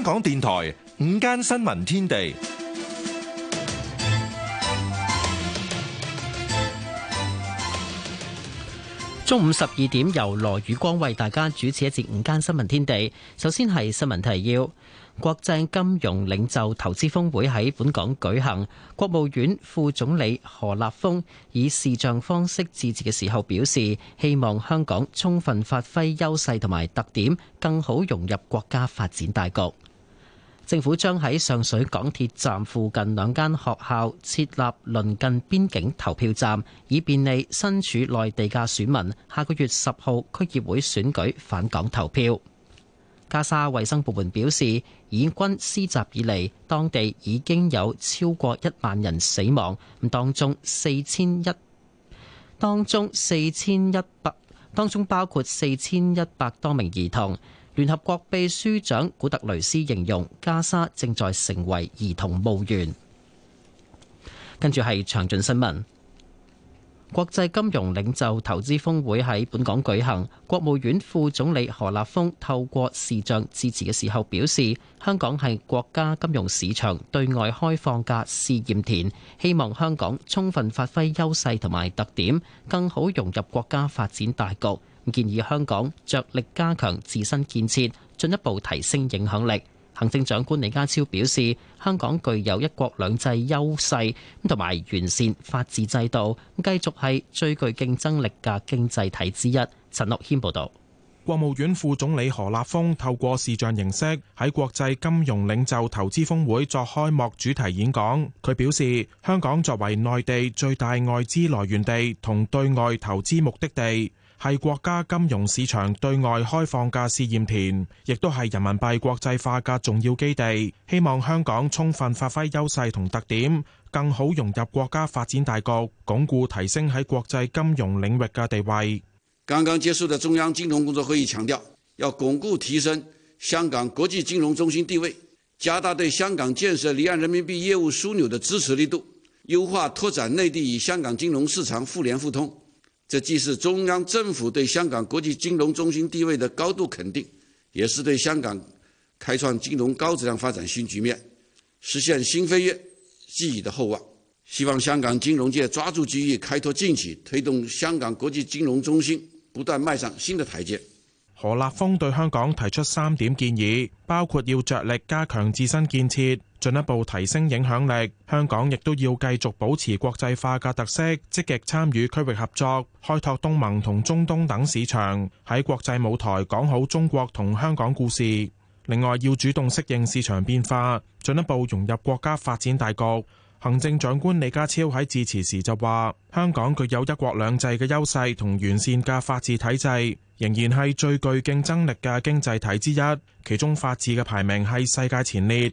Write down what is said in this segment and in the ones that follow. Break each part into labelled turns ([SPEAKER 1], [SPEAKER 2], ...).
[SPEAKER 1] 香港電台午間新聞
[SPEAKER 2] 天地，中午十二點由羅宇光為大家主持一節午間新聞天地。首先係新聞提要：國際金融領袖投資峰會喺本港舉行。國務院副總理何立峰以視像方式致辭嘅時候，表示希望香港充分發揮優勢同埋特點，更好融入國家發展大局。政府將喺上水港鐵站附近兩間學校設立鄰近邊境投票站，以便利身處內地嘅選民下個月十號區議會選舉返港投票。加沙衛生部門表示，以軍施襲以嚟，當地已經有超過一萬人死亡，咁當中四千一當中四千一百，當中包括四千一百多名兒童。聯合國秘書長古特雷斯形容加沙正在成為兒童墓園。跟住係詳盡新聞，國際金融領袖投資峰會喺本港舉行，國務院副總理何立峰透過視像致辭嘅時候表示，香港係國家金融市場對外開放嘅試驗田，希望香港充分發揮優勢同埋特點，更好融入國家發展大局。建議香港着力加強自身建設，進一步提升影響力。行政長官李家超表示，香港具有一國兩制優勢，咁同埋完善法治制度，繼
[SPEAKER 3] 續係最具競爭力嘅經濟體之一。陳樂謙報道。國務院副總理何立峰透過視像形式喺國際金融領袖投資峰會作開幕主題演講。佢表示，香港作為內地最大外資來源地同對外投資目的地。係國家金融市場對外開放嘅試驗田，亦都係人民幣國際化嘅重要基地。希望香港充分發揮優勢同特點，更好融入國家發展大局，鞏固提升喺國際金融領域嘅地位。
[SPEAKER 4] 剛剛結束嘅中央金融工作會議強調，要鞏固提升香港國際金融中心地位，加大對香港建設離岸人民幣業務樞紐的支持力度，優化拓展內地與香港金融市場互聯互通。這既是中央政府對香港國際金融中心地位的高度肯定，也是對香港開創金融高質量發展新局面、實現新飛躍寄予的厚望。希望香港金融界抓住機遇，開拓進取，推動香港國際金融中心不斷邁上新的台階。何立
[SPEAKER 3] 峰對香港提出三點建議，包括要着力加強自身建設。進一步提升影響力，香港亦都要繼續保持國際化嘅特色，積極參與區域合作，開拓東盟同中東等市場，喺國際舞台講好中國同香港故事。另外，要主動適應市場變化，進一步融入國家發展大局。行政長官李家超喺致辭時就話：香港具有一國兩制嘅優勢同完善嘅法治體制，仍然係最具競爭力嘅經濟體之一，其中法治嘅排名係世界前列。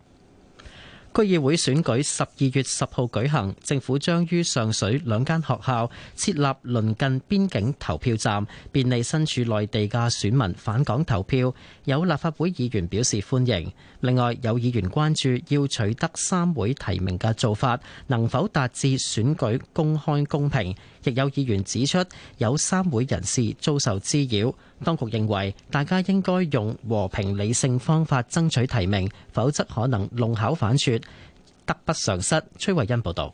[SPEAKER 3] 區議會選舉十二月十號舉行，政府將
[SPEAKER 2] 於上水兩間學校設立鄰近邊境投票站，便利身處內地嘅選民返港投票。有立法會議員表示歡迎。另外，有議員關注要取得三會提名嘅做法能否達至選舉公開公平。亦有議員指出，有三會人士遭受滋擾。當局認為大家應該用和平理性方法爭取提名，否則可能弄巧反拙，得不償失。崔慧欣報導，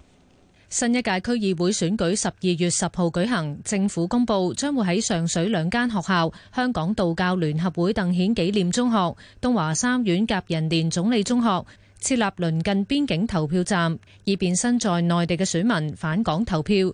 [SPEAKER 2] 新
[SPEAKER 5] 一屆區議會選舉十二月十號舉行，政府公佈將會喺上水兩間學校——香港道教聯合會鄧顯紀念中學、東華三院甲寅年總理中學設立鄰近邊境投票站，以便身在內地嘅選民返港投票。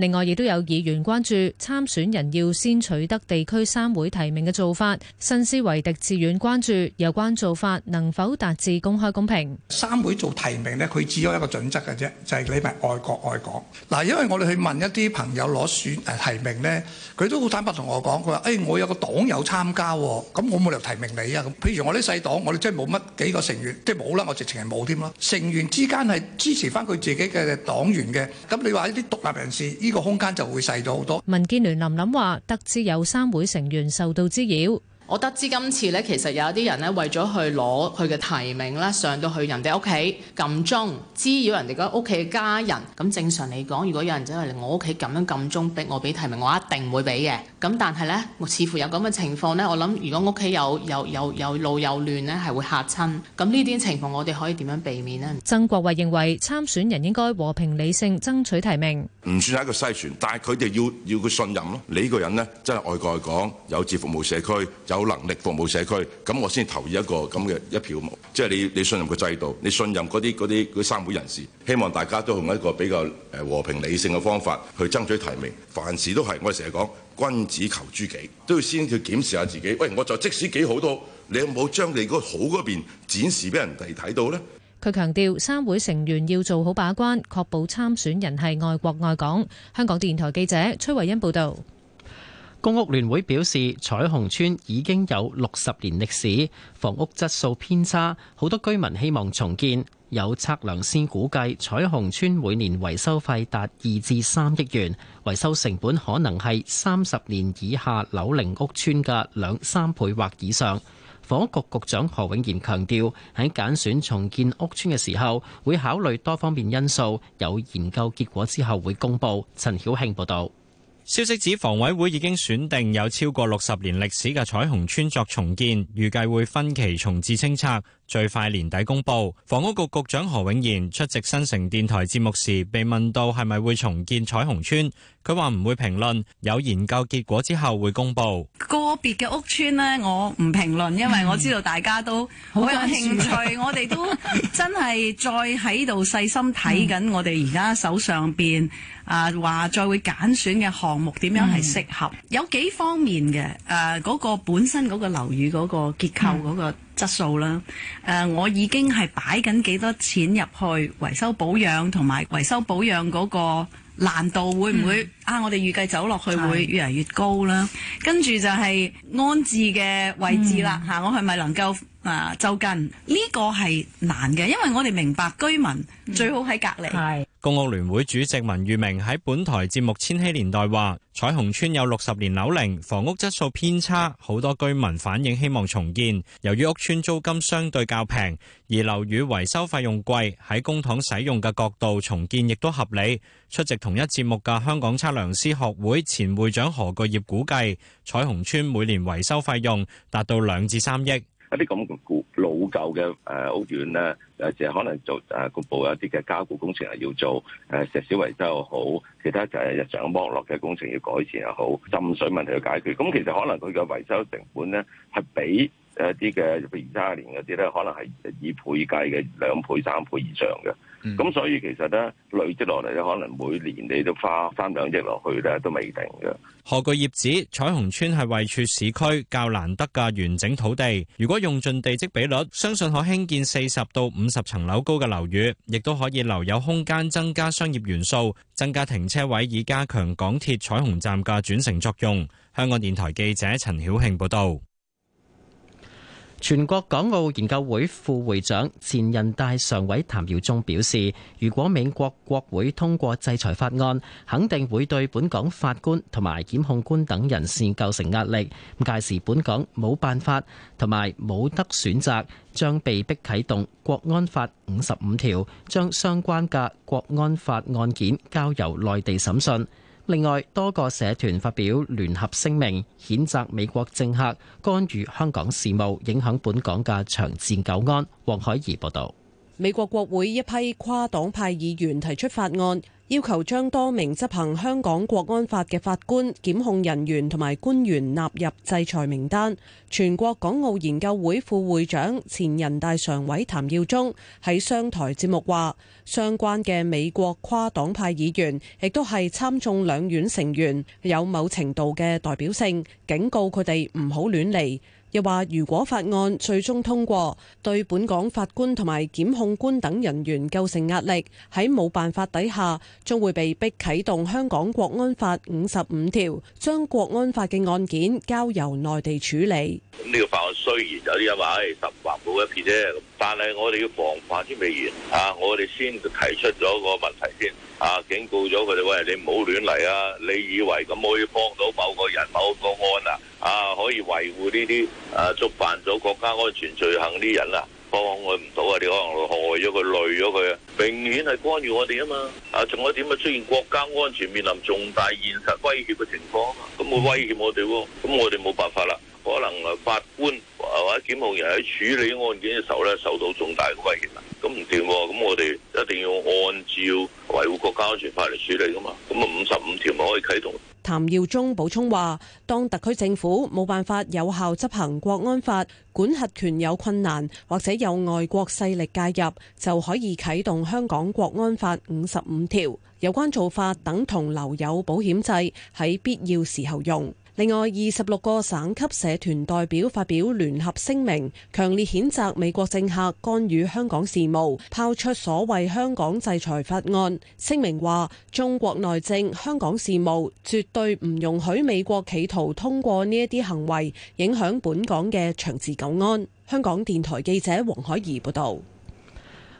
[SPEAKER 5] 另外亦都有議員關注參選人要先取得地區三會提名嘅做法，新思維狄志遠關注有關做法能否達至公開公平。三會
[SPEAKER 1] 做提名呢，佢只有一個準則嘅啫，就係、是、你咪愛國愛港嗱。因為我哋去問一啲朋友攞選、呃、提名呢，佢都好坦白同我講，佢話：誒、哎，我有個黨友參加喎、哦，咁我冇理由提名你啊。譬如我啲細黨，我哋真係冇乜幾個成員，即係冇啦，我直情係冇添啦。成員之間係支持翻佢自己嘅黨員嘅。咁你話呢啲獨立人士呢個空間就會細咗好多。
[SPEAKER 5] 民建聯林琳話：得知有三會成員受到滋擾。我得知今次咧，其實有啲人咧為咗去攞佢嘅提名咧，上到去人哋屋企撳鐘，滋擾人哋嘅屋企嘅家人。咁正常嚟講，如果有人真係嚟我屋企咁樣撳鐘逼我俾提名，我一定會俾嘅。咁但係咧，我似乎有咁嘅情況咧，我諗如果屋企有有有有，有路又亂咧，係會嚇親。咁呢啲情況我哋可以點樣避免呢？曾國衞認為參選人應該和平理性爭取提名，
[SPEAKER 3] 唔算係一個篩選，但係佢哋要要個信任咯。你呢個人呢，真係愛國愛港，有志服務社區，有能力服務社區，咁我先投依一個咁嘅一票。即係你，你信任個制度，你信任嗰啲嗰啲啲三會人士，希望大家都用一個比較誒和平理性嘅方法去爭取提名。凡事都係，我成日講君子求諸己，都要先去檢視下自己。喂，我就即使幾好多，你有冇將你嗰好嗰邊展示俾人哋睇到呢？
[SPEAKER 5] 佢強調，三會成員要做好把關，確保參選人係愛國愛港。香港電台記者崔惠恩報導。
[SPEAKER 2] 公屋聯會表示，彩虹村已經有六十年歷史，房屋質素偏差，好多居民希望重建。有測量師估計，彩虹村每年維修費達二至三億元，維修成本可能係三十年以下樓齡屋村嘅兩三倍或以上。房屋局局長何永賢強調，喺揀選重建屋村嘅時候，會考慮多方面因素，有研究結果之後會公佈。陳曉慶報導。消息指，房委會已經選定有
[SPEAKER 1] 超過六十年歷史嘅彩虹邨作重建，預計會分期重置清拆，最快年底公布。房屋局局長何永賢出席新城電台節目時，被問到係咪會重建彩虹邨，佢話唔會評論，有研究結果之後會公布。
[SPEAKER 6] 個別嘅屋邨咧，我唔評論，因為我知道大家都好有興趣，我哋都真係再喺度細心睇緊我哋而家手上邊。60 啊，話再會揀選嘅項目點樣係適合？嗯、有幾方面嘅，誒、啊、嗰、嗰個本身嗰個樓宇嗰個結構嗰個質素啦。誒、嗯啊，我已經係擺緊幾多錢入去維修保養同埋維修保養嗰個難度會唔會、嗯、啊？我哋預計走落去會越嚟越高啦。跟住是就係安置嘅位置啦、嗯啊，我係咪能夠？啊！就近呢個係難嘅，因為我哋明白居民最好喺隔離。係
[SPEAKER 1] 公屋聯會主席文裕明喺本台節目《千禧年代》話：彩虹邨有六十年樓齡，房屋質素偏差，好多居民反映希望重建。由於屋邨租金相對較平，而樓宇維修費用貴，喺公帑使用嘅角度，重建亦都合理。出席同一節目嘅香港測量師學會前會長何巨業估計，彩虹邨每年維修費用達到兩至三億。
[SPEAKER 7] 一啲咁嘅老舊嘅誒屋苑咧，誒、啊、就、啊、可能做誒、啊、局部有一啲嘅加固工程係要做，誒、啊、石屎維修又好，其他就係日常嘅剝落嘅工程要改善又好，浸水問題要解決。咁
[SPEAKER 3] 其實可能佢嘅維修成本咧，係比一啲嘅譬如二卅年嗰啲咧，可能係以倍計嘅兩倍、三倍以上嘅。咁、嗯、所以其實咧，累積落嚟，
[SPEAKER 7] 可能每年你都花三兩億落去咧，都未定嘅。
[SPEAKER 1] 何巨業指彩虹村係位處市區較難得嘅完整土地，如果用盡地積比率，相信可興建四十到五十層樓高嘅樓宇，亦都可以留有空間增加商業元素，增加停車位，以加強港鐵彩虹站嘅轉乘作用。香港電台記者陳曉慶報道。
[SPEAKER 2] 全國港澳研究會副會長、前人大常委譚耀宗表示，如果美國國會通過制裁法案，肯定會對本港法官同埋檢控官等人士構成壓力。咁屆時，本港冇辦法同埋冇得選擇，將被迫啟動《國安法》五十五條，將相關嘅《國安法》案件交由內地審訊。另外，多個社團發表聯合聲明，譴責美國政客干預香港事務，影響本港嘅長治久安。黃海怡報導。
[SPEAKER 6] 美國國會一批跨黨派議員提出法案，要求將多名執行香港國安法嘅法官、檢控人員同埋官員納入制裁名單。全國港澳研究會副會長、前人大常委譚耀宗喺商台節目話：相關嘅美國跨黨派議員亦都係參眾兩院成員，有某程度嘅代表性，警告佢哋唔好亂嚟。又話，如果法案最終通過，對本港法官同埋檢控官等人員構成壓力，喺冇辦法底下，將會被逼啟動香港國安法五十五條，將國安法嘅案件交由內地處理。
[SPEAKER 7] 呢個法案雖然有啲人話，唉，十萬冇一撇啫。但係我哋要防範啲未完。啊！我哋先提出咗個問題先啊，警告咗佢哋喂，你唔好亂嚟啊！你以為咁可以幫到某個人、某個案啊？啊，可以維護呢啲啊觸犯咗國家安全罪行啲人啊，幫佢唔到啊！你可能會害咗佢、累咗佢啊！明顯係干預我哋啊嘛！啊，仲有一點啊，出現國家安全面臨重大現實威脅嘅情況啊，咁會威脅我哋喎，咁我哋冇辦法啦。可能法官或者檢控員喺處理案件嘅時候咧，受到重大嘅威脅啦，咁唔掂喎，咁我哋一定要按照維護國家安全法嚟處理噶嘛，咁啊五十五條咪可以啟動。
[SPEAKER 6] 譚耀宗補充話，當特區政府冇辦法有效執行國安法管轄權有困難，或者有外國勢力介入，就可以啟動香港國安法五十五條。有關做法等同留有保險掣，喺必要時候用。另外，二十六個省級社團代表發表聯合聲明，強烈譴責美國政客干預香港事務，拋出所謂香港制裁法案。聲明話：中國內政、香港事務絕對唔容許美國企圖通過呢一啲行為影響本港嘅長治久安。香港電台記者黃海怡
[SPEAKER 2] 報道。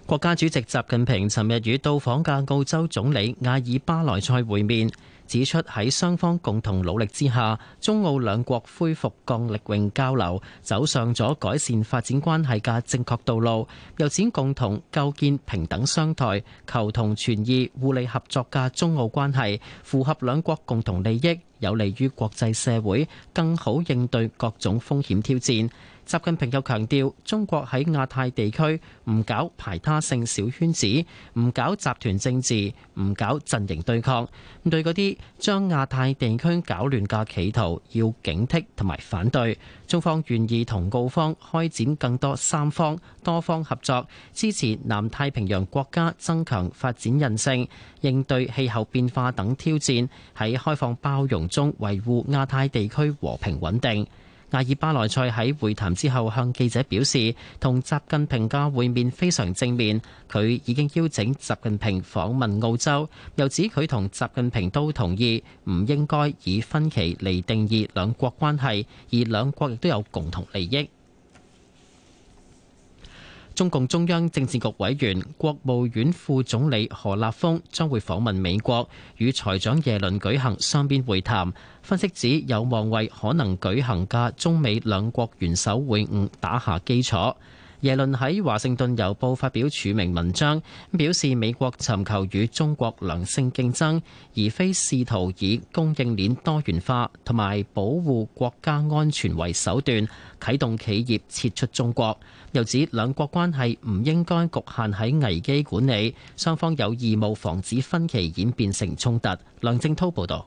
[SPEAKER 2] 國家主席習近平尋日與到訪嘅澳洲總理阿爾巴萊塞會面。指出喺雙方共同努力之下，中澳兩國恢復降力泳交流，走上咗改善發展關係嘅正確道路，由展共同構建平等相待、求同存異、互利合作嘅中澳關係，符合兩國共同利益，有利於國際社會更好應對各種風險挑戰。習近平又強調，中國喺亞太地區唔搞排他性小圈子，唔搞集團政治，唔搞陣營對抗。對嗰啲將亞太地區搞亂嘅企圖，要警惕同埋反對。中方願意同澳方開展更多三方、多方合作，支持南太平洋國家增強發展韌性，應對氣候變化等挑戰，喺開放包容中維護亞太地區和平穩定。阿爾巴內塞喺會談之後向記者表示，同習近平嘅會面非常正面，佢已經邀請習近平訪問澳洲。又指佢同習近平都同意，唔應該以分歧嚟定義兩國關係，而兩國亦都有共同利益。中共中央政治局委員、國務院副總理何立峰將會訪問美國，與財長耶倫舉行雙邊會談，分析指有望為可能舉行嘅中美兩國元首會晤打下基礎。耶倫喺華盛頓郵報發表署名文章，表示美國尋求與中國良性競爭，而非試圖以供應鏈多元化同埋保護國家安全為手段啟動企業撤出中國。又指兩國關係唔應該局限喺危機管理，雙方有義務防止分歧演變成衝突。梁正滔報導。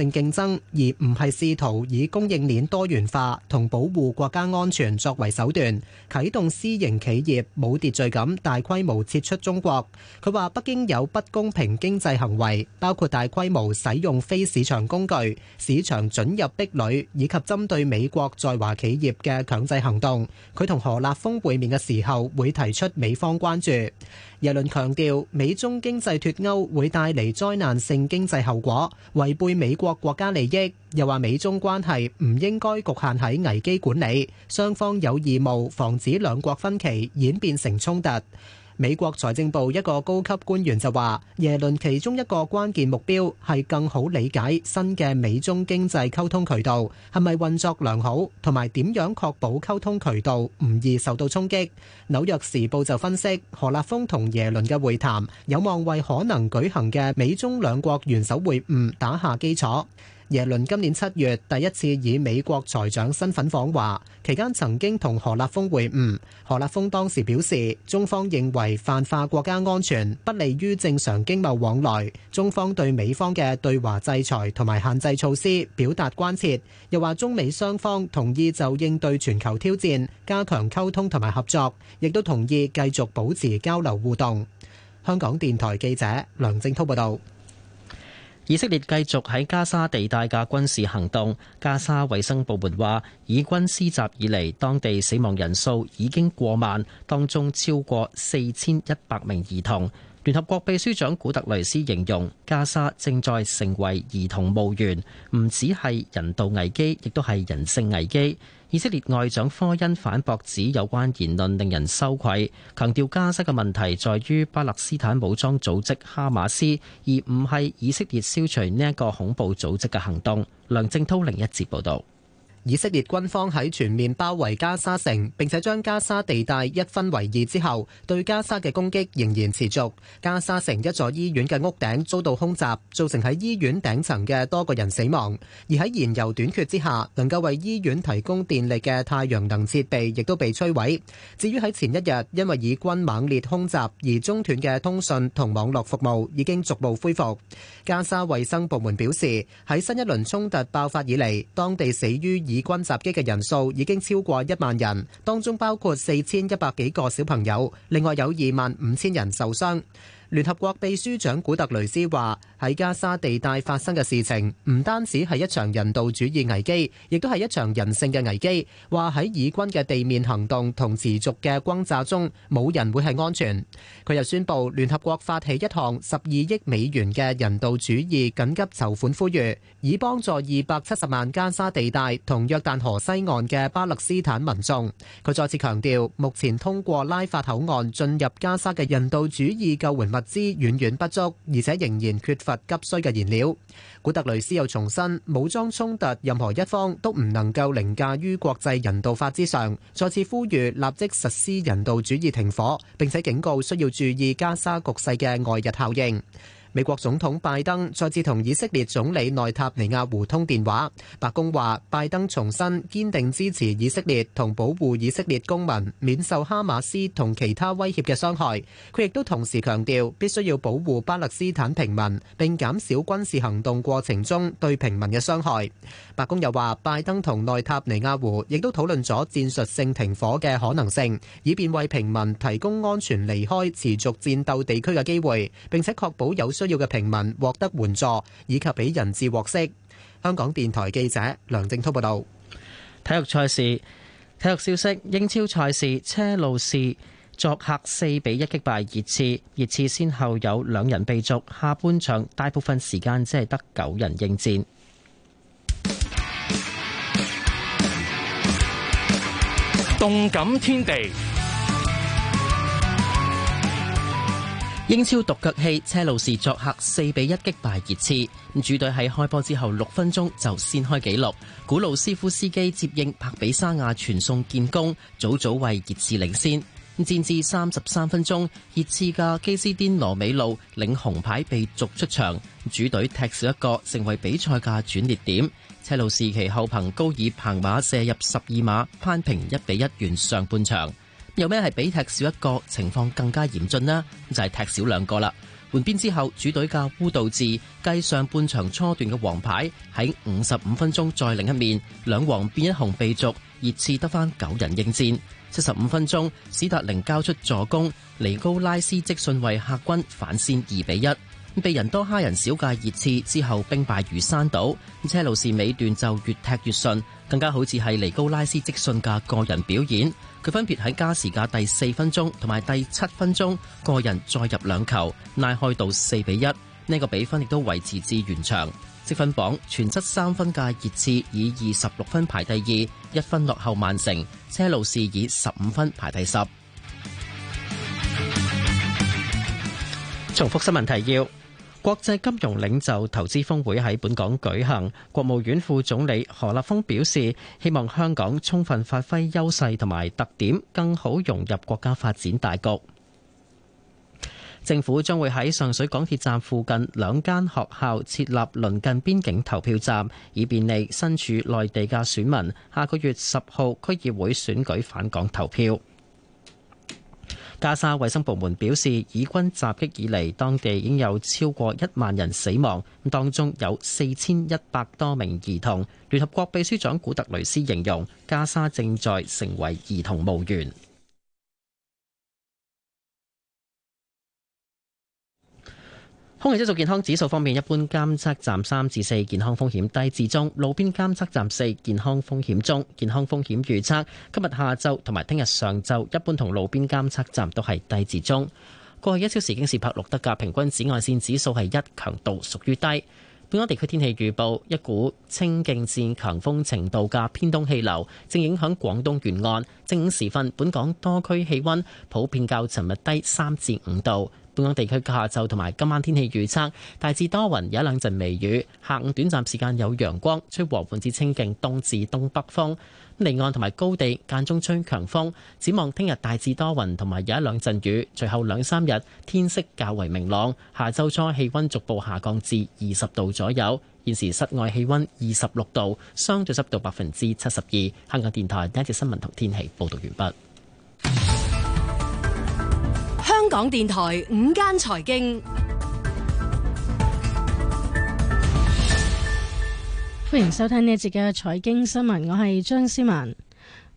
[SPEAKER 8] 令競爭，而唔係試圖以供應鏈多元化同保護國家安全作為手段，啟動私營企業冇秩序咁大規模撤出中國。佢話北京有不公平經濟行為，包括大規模使用非市場工具、市場准入壁壘以及針對美國在華企業嘅強制行動。佢同何立峰會面嘅時候會提出美方關注。耶倫強調，美中經濟脫鉤會帶嚟災難性經濟後果，違背美國國家利益。又話美中關係唔應該局限喺危機管理，雙方有義務防止兩國分歧演變成衝突。美國財政部一個高級官員就話，耶倫其中一個關鍵目標係更好理解新嘅美中經濟溝通渠道係咪運作良好，同埋點樣確保溝通渠道唔易受到衝擊。紐約時報就分析，何立峰同耶倫嘅會談有望為可能舉行嘅美中兩國元首會晤打下基礎。耶倫今年七月第一次以美國財長身份訪華，期間曾經同何立峰會晤。何立峰當時表示，中方認為泛化國家安全不利於正常經貿往來，中方對美方嘅對華制裁同埋限制措施表達關切。又話中美雙方同意就應對全球挑戰加強溝通同埋合作，亦都同意繼續保持交流互動。香港電台記者梁正滔報道。
[SPEAKER 2] 以色列繼續喺加沙地帶嘅軍事行動。加沙衛生部門話，以軍施襲以嚟，當地死亡人數已經過萬，當中超過四千一百名兒童。聯合國秘書長古特雷斯形容，加沙正在成為兒童墓園，唔止係人道危機，亦都係人性危機。以色列外長科恩反駁指有關言論令人羞愧，強調加沙嘅問題在於巴勒斯坦武裝組織哈馬斯，而唔係以色列消除呢一個恐怖組織嘅行動。梁正濤另一節報導。
[SPEAKER 8] 以色列軍方喺全面包圍加沙城，並且將加沙地帶一分為二之後，對加沙嘅攻擊仍然持續。加沙城一座醫院嘅屋頂遭到空襲，造成喺醫院頂層嘅多個人死亡。而喺燃油短缺之下，能夠為醫院提供電力嘅太陽能設備亦都被摧毀。至於喺前一日因為以軍猛烈空襲而中斷嘅通訊同網絡服務，已經逐步恢復。加沙衛生部門表示，喺新一輪衝突爆發以嚟，當地死於以軍襲擊嘅人數已經超過一萬人，當中包括四千一百幾個小朋友，另外有二萬五千人受傷。聯合國秘書長古特雷斯話：喺加沙地帶發生嘅事情，唔單止係一場人道主義危機，亦都係一場人性嘅危機。話喺以軍嘅地面行動同持續嘅轟炸中，冇人會係安全。佢又宣布聯合國發起一項十二億美元嘅人道主義緊急籌款呼籲，以幫助二百七十萬加沙地帶同約旦河西岸嘅巴勒斯坦民眾。佢再次強調，目前通過拉法口岸進入加沙嘅人道主義救援物資遠遠不足，而且仍然缺乏急需嘅燃料。古特雷斯又重申，武裝衝突任何一方都唔能夠凌駕於國際人道法之上，再次呼籲立即實施人道主義停火。並且警告需要注意加沙局勢嘅外日效應。美國總統拜登再次同以色列總理內塔尼亞胡通電話，白宮話，拜登重申堅定支持以色列同保護以色列公民免受哈馬斯同其他威脅嘅傷害，佢亦都同時強調必須要保護巴勒斯坦平民並減少軍事行動過程中對平民嘅傷害。白宮又話，拜登同內塔尼亞胡亦都討論咗戰術性停火嘅可能性，以便為平民提供安全離開持續戰鬥地區嘅機會，並且確保有需要嘅平民獲得援助，以及俾人質獲釋。香港電台記者梁正濤報道。
[SPEAKER 2] 體育賽事、體育消息、英超賽事，車路士作客四比一擊敗熱刺，熱刺先後有兩人被逐，下半場大部分時間只係得九人應戰。動感天地，英超獨腳戲，車路士作客四比一擊敗熱刺。主隊喺開波之後六分鐘就先開紀錄，古路斯夫斯基接應帕比沙亞傳送建功，早早為熱刺領先。戰至三十三分鐘，熱刺嘅基斯甸羅美路領紅牌被逐出場，主隊踢少一個，成為比賽嘅轉捩點。車路士其後憑高爾彭馬射入十二碼，攀平一比一完上半場。有咩係比踢少一個情況更加嚴峻呢？就係、是、踢少兩個啦。換邊之後，主隊嘅烏道治繼上半場初段嘅黃牌喺五十五分鐘再領一面，兩黃變一紅被逐，熱刺得翻九人應戰。七十五分鐘，史達寧交出助攻，尼高拉斯即訊為客軍反先二比一。被人多蝦人少嘅熱刺之後兵敗如山倒，車路士尾段就越踢越順，更加好似係尼高拉斯積遜嘅個人表演。佢分別喺加時嘅第四分鐘同埋第七分鐘個人再入兩球，拉開到四比一。呢、這個比分亦都維持至完場。積分榜全失三分嘅熱刺以二十六分排第二，一分落後曼城。車路士以十五分排第十。重複新聞提要：國際金融領袖投資峰會喺本港舉行，國務院副總理何立峰表示，希望香港充分發揮優勢同埋特點，更好融入國家發展大局。政府將會喺上水港鐵站附近兩間學校設立鄰近邊境投票站，以便利身處內地嘅選民。下個月十號區議會選舉返港投票。加沙衛生部門表示，以軍襲擊以嚟，當地已經有超過一萬人死亡，當中有四千一百多名兒童。聯合國秘書長古特雷斯形容，加沙正在成為兒童墓園。空氣質素健康指數方面，一般監測站三至四，健康風險低至中；路邊監測站四，健康風險中。健康風險預測：今日下晝同埋聽日上晝，一般同路邊監測站都係低至中。過去一小時，京士柏錄得嘅平均紫外綫指數係一強度，屬於低。本港地區天氣預報：一股清勁至強風程度嘅偏東氣流正影響廣東沿岸。正午時分，本港多區氣温普遍較尋日低三至五度。本港地區下晝同埋今晚天氣預測大致多雲，有一兩陣微雨。下午短暫時間有陽光，吹和緩至清勁，東至東北風。咁離岸同埋高地間中吹強風。展望聽日大致多雲同埋有一兩陣雨，隨後兩三日天色較為明朗。下週初氣溫逐步下降至二十度左右。現時室外氣溫二十六度，相對濕度百分之七十二。香港電台第一節新聞同天氣報道完畢。
[SPEAKER 9] 香港電台午間財經，歡迎收聽呢一節嘅財經新聞。我係張思文。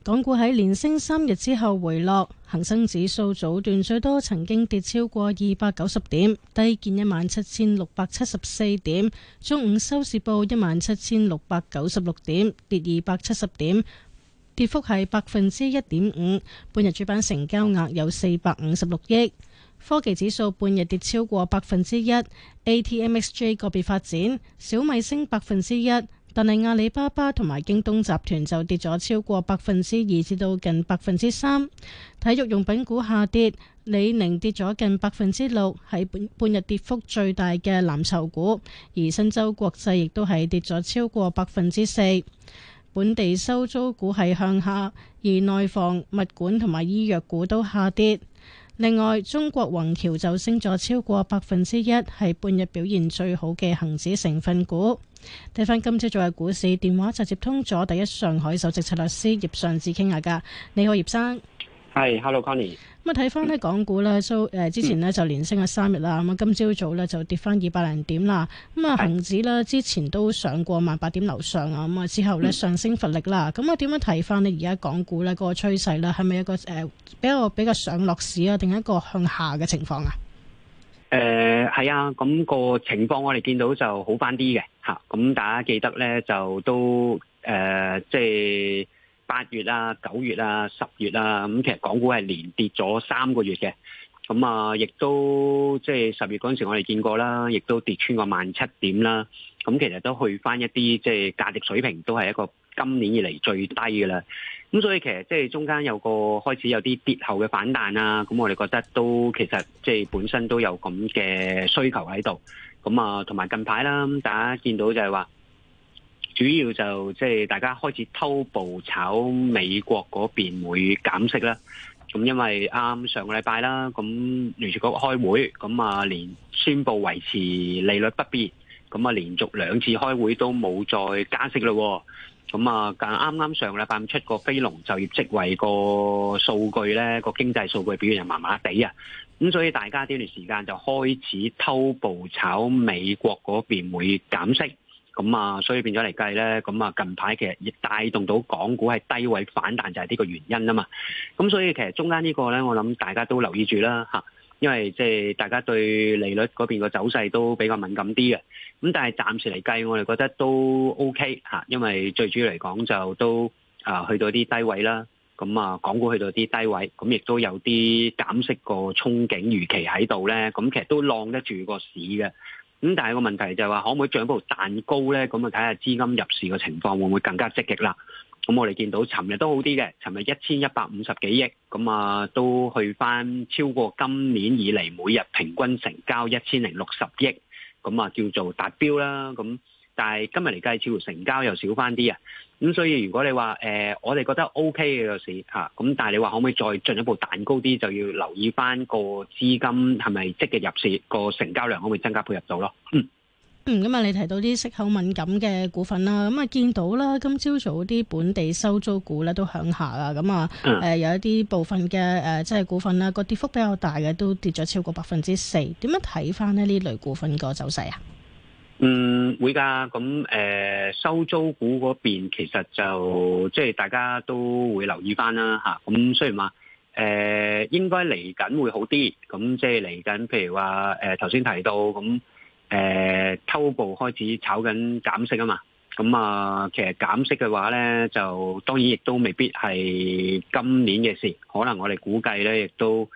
[SPEAKER 9] 港股喺連升三日之後回落，恒生指數早段最多曾經跌超過二百九十點，低見一萬七千六百七十四點。中午收市報一萬七千六百九十六點，跌二百七十點。跌幅係百分之一點五，半日主板成交額有四百五十六億。科技指數半日跌超過百分之一，ATMXJ 個別發展，小米升百分之一，但係阿里巴巴同埋京東集團就跌咗超過百分之二至到近百分之三。體育用品股下跌，李寧跌咗近百分之六，係半半日跌幅最大嘅藍籌股，而申洲國際亦都係跌咗超過百分之四。本地收租股係向下，而內房、物管同埋醫藥股都下跌。另外，中國宏橋就升咗超過百分之一，係半日表現最好嘅恒指成分股。睇翻今朝早嘅股市，電話就接通咗第一上海首席策略師葉尚志傾下㗎。你好，葉生。
[SPEAKER 4] 係 h e l l o c o n y
[SPEAKER 9] 咁啊，睇翻咧，港股咧，蘇誒、嗯，之前咧就連升咗三日啦，咁啊、嗯，今朝早咧就跌翻二百零點啦。咁啊、嗯，恒指咧之前都上過萬八點樓上啊，咁啊之後咧上升乏力啦。咁啊、嗯，點樣睇翻咧？而家港股咧個趨勢咧，係咪一個誒比較比較上落市啊，定一個向下嘅情況、呃、啊？
[SPEAKER 4] 誒，係啊，咁個情況我哋見到就好翻啲嘅吓。咁、啊、大家記得咧，就都誒，即、呃、係。就是八月啊、九月啊、十月啊，咁其實港股係連跌咗三個月嘅，咁啊，亦都即係十月嗰陣時我哋見過啦，亦都跌穿個萬七點啦，咁其實都去翻一啲，即係價值水平都係一個今年以嚟最低嘅啦。咁所以其實即係中間有個開始有啲跌後嘅反彈啦，咁我哋覺得都其實即係本身都有咁嘅需求喺度，咁啊，同埋近排啦，咁大家見到就係話。主要就即係大家開始偷步炒美國嗰邊會減息啦。咁因為啱上個禮拜啦，咁聯儲局開會，咁啊連宣布維持利率不變，咁啊連續兩次開會都冇再加息咯。咁啊，但啱啱上個禮拜出個非農就業職位個數據咧，個經濟數據表現就麻麻地啊。咁所以大家呢段時間就開始偷步炒美國嗰邊會減息。咁啊，所以變咗嚟計咧，咁啊近排其實亦帶動到港股係低位反彈，就係呢個原因啊嘛。咁所以其實中間個呢個咧，我諗大家都留意住啦嚇，因為即係大家對利率嗰邊個走勢都比較敏感啲嘅。咁但係暫時嚟計，我哋覺得都 OK 嚇，因為最主要嚟講就都啊去到啲低位啦。咁啊，港股去到啲低位，咁亦都有啲減息個憧憬預期喺度咧。咁其實都浪得住個市嘅。咁但係個問題就係話可唔可以漲部蛋糕呢？咁啊睇下資金入市嘅情況會唔會更加積極啦？咁我哋見到尋日都好啲嘅，尋日一千一百五十幾億，咁啊都去翻超過今年以嚟每日平均成交一千零六十億，咁啊叫做達標啦，咁。但係今日嚟計，似乎成交又少翻啲啊！咁所以如果你話誒、呃，我哋覺得 O K 嘅有市嚇，咁、啊、但係你話可唔可以再進一步彈高啲，就要留意翻個資金係咪積極入市，個成交量可唔可以增加配合到咯？嗯，
[SPEAKER 9] 嗯，咁啊，你提到啲息口敏感嘅股份啦，咁啊，見到啦，今朝早啲本地收租股咧都向下啊，咁啊，誒、呃、有一啲部分嘅誒即係股份啦，個跌幅比較大嘅都跌咗超過百分之四，點樣睇翻咧呢類股份個走勢啊？
[SPEAKER 4] 嗯，會噶，咁誒、呃，收租股嗰邊其實就即係、就是、大家都會留意翻啦，吓、啊，咁雖然話誒、呃，應該嚟緊會好啲，咁即係嚟緊，譬如話誒，頭、呃、先提到咁誒、呃，偷步開始炒緊減息啊嘛，咁啊、呃，其實減息嘅話咧，就當然亦都未必係今年嘅事，可能我哋估計咧亦都。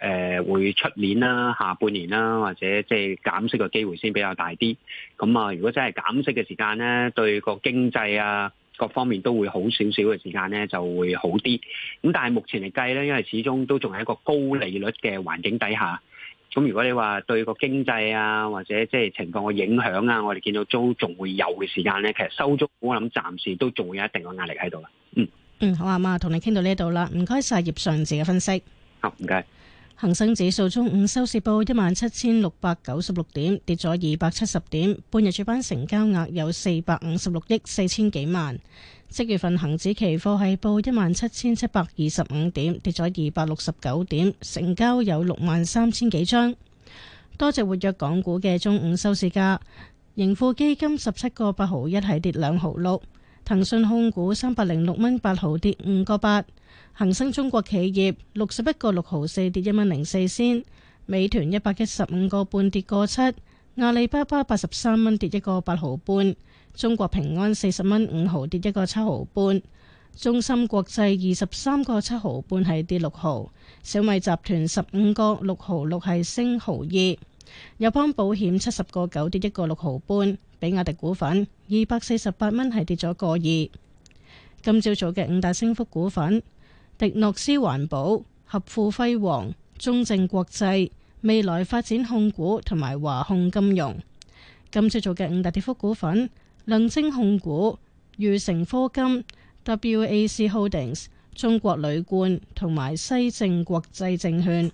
[SPEAKER 4] 誒、嗯、會出年啦，下半年啦，或者即係減息嘅機會先比較大啲。咁、嗯、啊，如果真係減息嘅時間咧，對個經濟啊各方面都會好少少嘅時間咧就會好啲。咁、嗯、但係目前嚟計咧，因為始終都仲係一個高利率嘅環境底下，咁如果你話對個經濟啊或者即係情況嘅影響啊，我哋見到租仲會有嘅時間咧，其實收租我諗暫時都仲會有一定嘅壓力喺度啦。
[SPEAKER 9] 嗯嗯，好啊，嘛，同你傾到呢度啦，唔該晒葉尚志嘅分析。
[SPEAKER 4] 好、哦，唔該。
[SPEAKER 9] 恒生指數中午收市報一萬七千六百九十六點，跌咗二百七十點。半日主板成交額有四百五十六億四千幾萬。即月份恒指期貨係報一萬七千七百二十五點，跌咗二百六十九點，成交有六萬三千幾張。多隻活躍港股嘅中午收市價，盈富基金十七個八毫一，係跌兩毫六。騰訊控股三百零六蚊八毫跌五個八。恒生中國企業六十一個六毫四跌一蚊零四仙，美團一百一十五個半跌個七，阿里巴巴八十三蚊跌一個八毫半，中國平安四十蚊五毫跌一個七毫半，中芯國際二十三個七毫半係跌六毫，小米集團十五個六毫六係升毫二，友邦保險七十個九跌一個六毫半，比亞迪股份二百四十八蚊係跌咗個二。今朝早嘅五大升幅股份。迪諾斯環保、合富輝煌、中正國際、未來發展控股同埋華控金融，今次做嘅五大跌幅股份：能精控股、裕成科金、WAC Holdings、中國鋁罐同埋西證國際證券。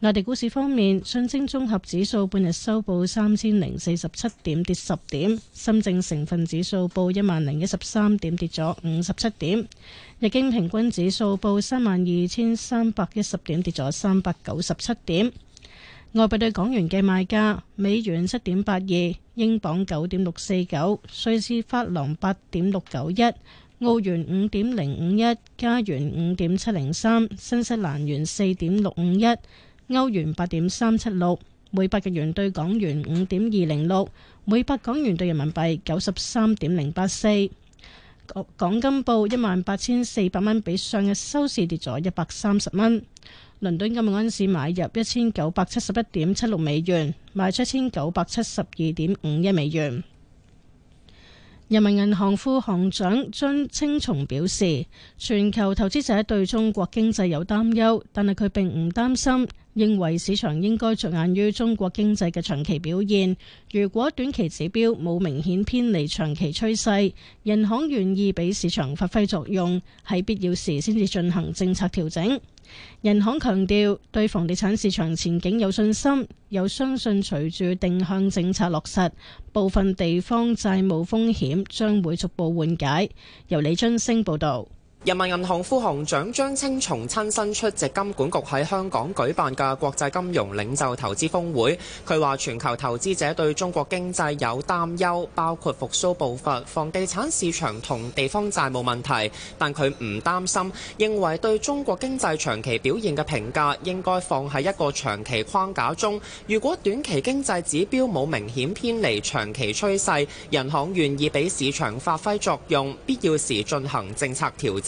[SPEAKER 9] 內地股市方面，上證綜合指數半日收報三千零四十七點，跌十點；深證成分指數報一萬零一十三點，跌咗五十七點。日經平均指數報三萬二千三百一十點，跌咗三百九十七點。外幣對港元嘅賣價：美元七點八二，英鎊九點六四九，瑞士法郎八點六九一，澳元五點零五一，加元五點七零三，新西蘭元四點六五一，歐元八點三七六，每百日元對港元五點二零六，每百港元對人民幣九十三點零八四。港金報一萬八千四百蚊，比上日收市跌咗一百三十蚊。倫敦金銀市買入一千九百七十一點七六美元，賣出一千九百七十二點五一美元。人民銀行副行長張青松表示，全球投資者對中國經濟有擔憂，但係佢並唔擔心。認為市場應該着眼於中國經濟嘅長期表現，如果短期指標冇明顯偏離長期趨勢，銀行願意俾市場發揮作用，喺必要時先至進行政策調整。銀行強調對房地產市場前景有信心，又相信隨住定向政策落實，部分地方債務風險將會逐步緩解。由李津升報道。
[SPEAKER 7] 人民銀行副行長張青松親身出席金管局喺香港舉辦嘅國際金融領袖投資峰會。佢話全球投資者對中國經濟有擔憂，包括復蘇步伐、房地產市場同地方債務問題。但佢唔擔心，認為對中國經濟長期表現嘅評價應該放喺一個長期框架中。如果短期經濟指標冇明顯偏離長期趨勢，人行願意俾市場發揮作用，必要時進行政策調整。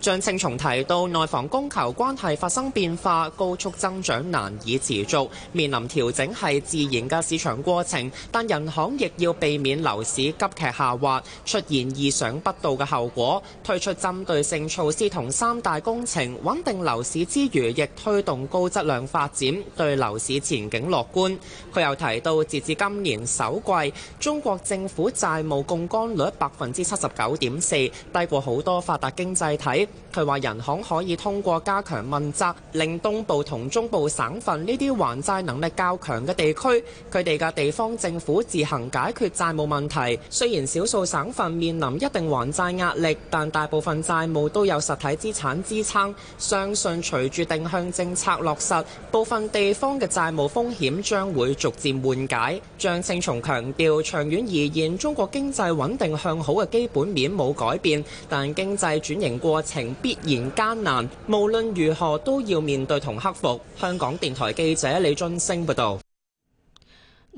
[SPEAKER 7] 張青松提到，內房供求關係發生變化，高速增長難以持續，面臨調整係自然嘅市場過程，但人行亦要避免樓市急劇下滑，出現意想不到嘅後果，推出針對性措施同三大工程穩定樓市之餘亦推動高質量發展，對樓市前景樂觀，佢又提到，截至今年首季，中國政府債務槓桿率百分之七十九點四，低過好多發達經濟體。佢話人行可以通過加強問責，令東部同中部省份呢啲還債能力較強嘅地區，佢哋嘅地方政府自行解決債務問題。雖然少數省份面臨一定還債壓力，但大部分債務都有實體資產支撐。相信隨住定向政策落實，部分地方嘅債務風險將會逐漸緩解。張青松強調，長遠而言，中國經濟穩定向好嘅基本面冇改變，但經濟轉型過程。必然艱難，無論如何都要面對同克服。香港電台記者李俊升報道。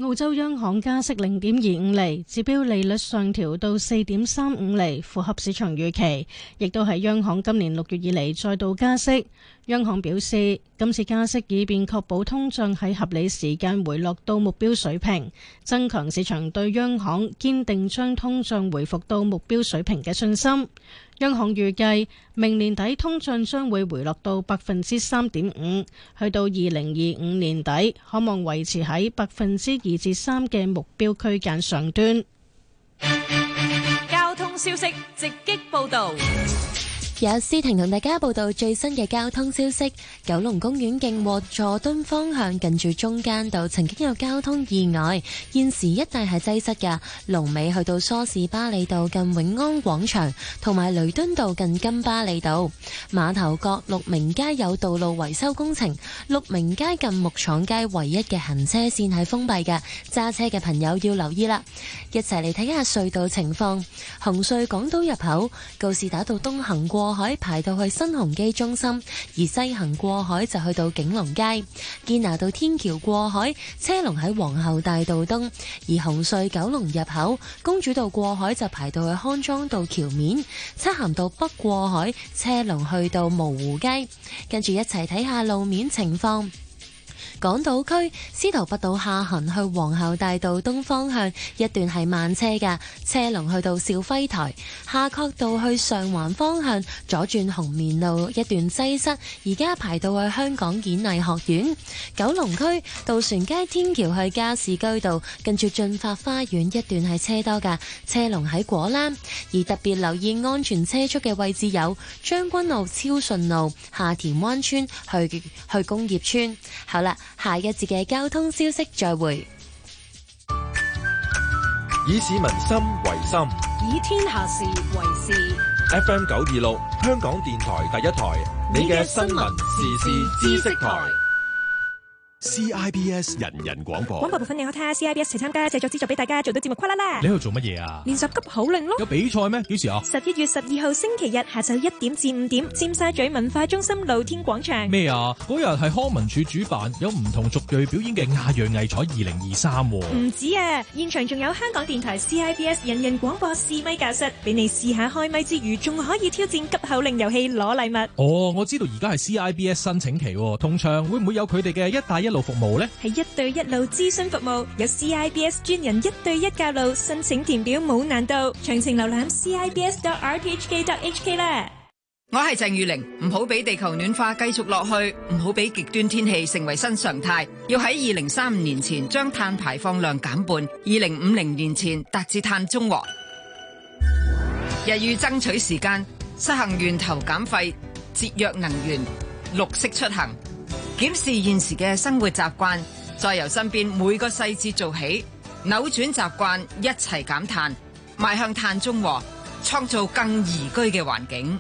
[SPEAKER 9] 澳洲央行加息零點二五釐，指標利率上調到四點三五釐，符合市場預期，亦都係央行今年六月以嚟再度加息。央行表示，今次加息以便確保通脹喺合理時間回落到目標水平，增強市場對央行堅定將通脹回復到目標水平嘅信心。央行預計明年底通脹將會回落到百分之三點五，去到二零二五年底，可望維持喺百分之二至三嘅目標區間上端。
[SPEAKER 5] 交通消息直擊報導。
[SPEAKER 10] 有私婷同大家報道最新嘅交通消息。九龍公園徑獲佐敦方向近住中間道曾經有交通意外，現時一帶係擠塞噶，龍尾去到梳士巴利道近永安廣場，同埋雷敦道近金巴利道。碼頭角鹿鳴街有道路維修工程，鹿鳴街近木廠街唯一嘅行車線係封閉噶，揸車嘅朋友要留意啦。一齊嚟睇下隧道情況。紅隧港島入口告士打道東行過。過海排到去新鴻基中心，而西行過海就去到景隆街；堅拿道天橋過海車龍喺皇后大道東，而紅隧九龍入口公主道過海就排到去康莊道橋面；漆咸道北過海車龍去到蕪湖街，跟住一齊睇下路面情況。港島區司徒拔道下行去皇后大道東方向一段係慢車嘅，車龍去到肇輝臺。夏愨道去上環方向左轉紅棉路一段擠塞，而家排到去香港演藝學院。九龍區渡船街天橋去加士居道，跟住駿發花園一段係車多噶，車龍喺果欄。而特別留意安全車速嘅位置有將軍澳、超順路、下田灣村去去工業村。好啦。下一節嘅交通消息再會，
[SPEAKER 3] 以市民心為心，
[SPEAKER 5] 以
[SPEAKER 3] 天下事為事。FM 九二六，香港電台第一台，你嘅新聞時事知識台。CIBS 人人廣播廣播
[SPEAKER 5] 部分你好，睇下 CIBS 一齊參加製作資助俾大家做到節目啦啦！
[SPEAKER 3] 你喺度做乜嘢啊？
[SPEAKER 5] 練習急口令咯！
[SPEAKER 3] 有比賽咩？幾時啊？
[SPEAKER 5] 十一月十二號星期日下晝一點至五點，尖沙咀文化中心露天廣場咩
[SPEAKER 3] 啊？嗰日係康文署主辦，有唔同族裔表演嘅亞裔藝彩二零二三喎。唔
[SPEAKER 5] 止啊，現場仲有香港電台 CIBS 人人廣播試咪教室，俾你試下開咪之餘，仲可以挑戰急口令遊戲攞禮物。
[SPEAKER 3] 哦，我知道而家係 CIBS 申請期，啊，通常會唔會有佢哋嘅一大一？一路服務咧，
[SPEAKER 5] 係一對一路諮詢服務，有 CIBS 專人一對一教導，申請填表冇難度，詳情瀏覽 CIBS.RTHK.HK 咧。我係鄭裕玲，唔好俾地球暖化繼續落去，唔好俾極端天氣成為新常態，要喺二零三五年前將碳排放量減半，二零五零年前達至碳中和。日欲爭取時間，實行源頭減費，節約能源，綠色出行。檢視現時嘅生活習慣，再由身邊每個細節做起，扭轉習慣，一齊減碳，
[SPEAKER 3] 邁向碳中和，創造更宜居嘅環境。